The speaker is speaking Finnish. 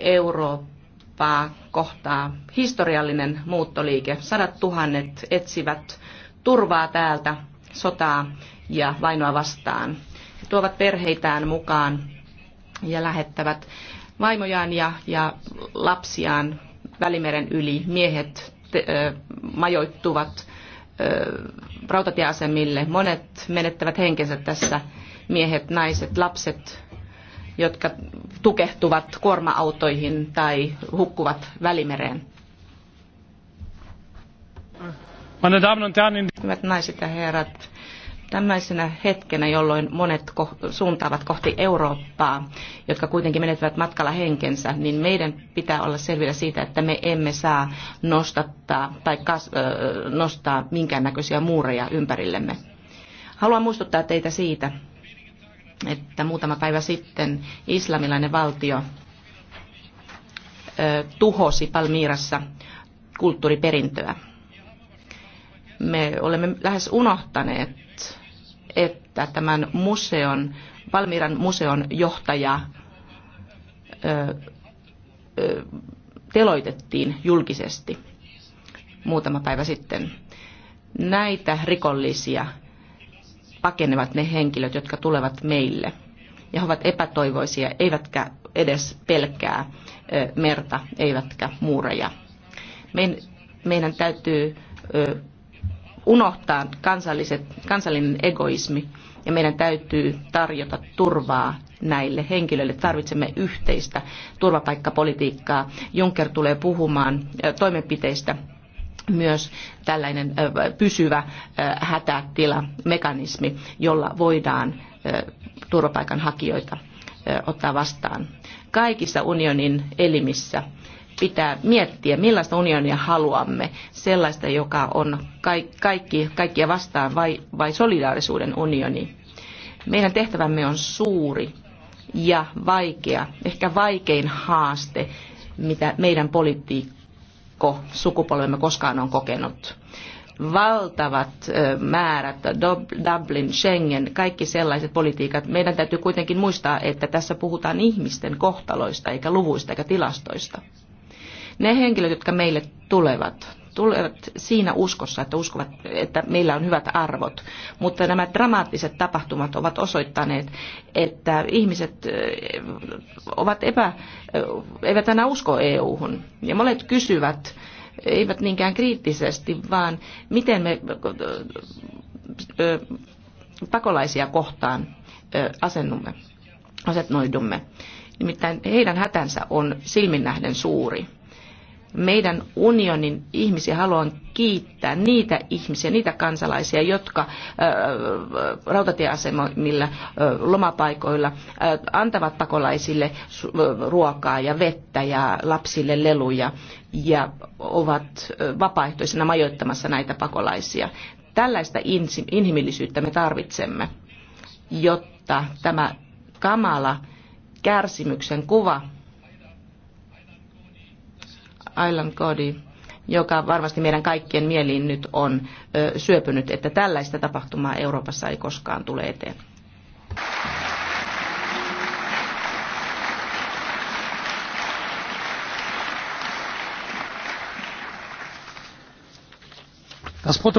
Eurooppaa kohtaa historiallinen muuttoliike. Sadat tuhannet etsivät turvaa täältä sotaa ja vainoa vastaan. He tuovat perheitään mukaan ja lähettävät vaimojaan ja, ja lapsiaan Välimeren yli. Miehet te, ö, majoittuvat ö, rautatieasemille. Monet menettävät henkensä tässä. Miehet, naiset, lapset jotka tukehtuvat kuorma-autoihin tai hukkuvat välimereen. Hyvät naiset ja herrat, tämmöisenä hetkenä, jolloin monet suuntaavat kohti Eurooppaa, jotka kuitenkin menettävät matkalla henkensä, niin meidän pitää olla selvillä siitä, että me emme saa nostattaa tai kas- nostaa minkäännäköisiä muureja ympärillemme. Haluan muistuttaa teitä siitä, että muutama päivä sitten islamilainen valtio tuhosi Palmiirassa kulttuuriperintöä. Me olemme lähes unohtaneet, että tämän museon, Palmiiran museon johtaja teloitettiin julkisesti muutama päivä sitten. Näitä rikollisia pakenevat ne henkilöt, jotka tulevat meille. Ja he ovat epätoivoisia, eivätkä edes pelkää merta, eivätkä muureja. Meidän täytyy unohtaa kansalliset, kansallinen egoismi ja meidän täytyy tarjota turvaa näille henkilöille. Tarvitsemme yhteistä turvapaikkapolitiikkaa. Juncker tulee puhumaan toimenpiteistä, myös tällainen pysyvä hätätilamekanismi, jolla voidaan turvapaikanhakijoita ottaa vastaan. Kaikissa unionin elimissä pitää miettiä, millaista unionia haluamme, sellaista, joka on kaikki, kaikkia vastaan vai, vai solidaarisuuden unioni. Meidän tehtävämme on suuri ja vaikea, ehkä vaikein haaste, mitä meidän politiikka sukupolvemme koskaan on kokenut. Valtavat määrät, Dublin, Schengen, kaikki sellaiset politiikat. Meidän täytyy kuitenkin muistaa, että tässä puhutaan ihmisten kohtaloista, eikä luvuista, eikä tilastoista. Ne henkilöt, jotka meille tulevat, tulevat siinä uskossa, että uskovat, että meillä on hyvät arvot. Mutta nämä dramaattiset tapahtumat ovat osoittaneet, että ihmiset ovat epä, eivät enää usko EU-hun. Ja monet kysyvät, eivät niinkään kriittisesti, vaan miten me pakolaisia kohtaan asennumme, asetnoidumme. Nimittäin heidän hätänsä on silminnähden suuri meidän unionin ihmisiä haluan kiittää niitä ihmisiä, niitä kansalaisia, jotka rautatieasemilla, lomapaikoilla antavat pakolaisille ruokaa ja vettä ja lapsille leluja ja ovat vapaaehtoisena majoittamassa näitä pakolaisia. Tällaista inhimillisyyttä me tarvitsemme, jotta tämä kamala kärsimyksen kuva Island Code, joka varmasti meidän kaikkien mieliin nyt on syöpynyt, että tällaista tapahtumaa Euroopassa ei koskaan tule eteen.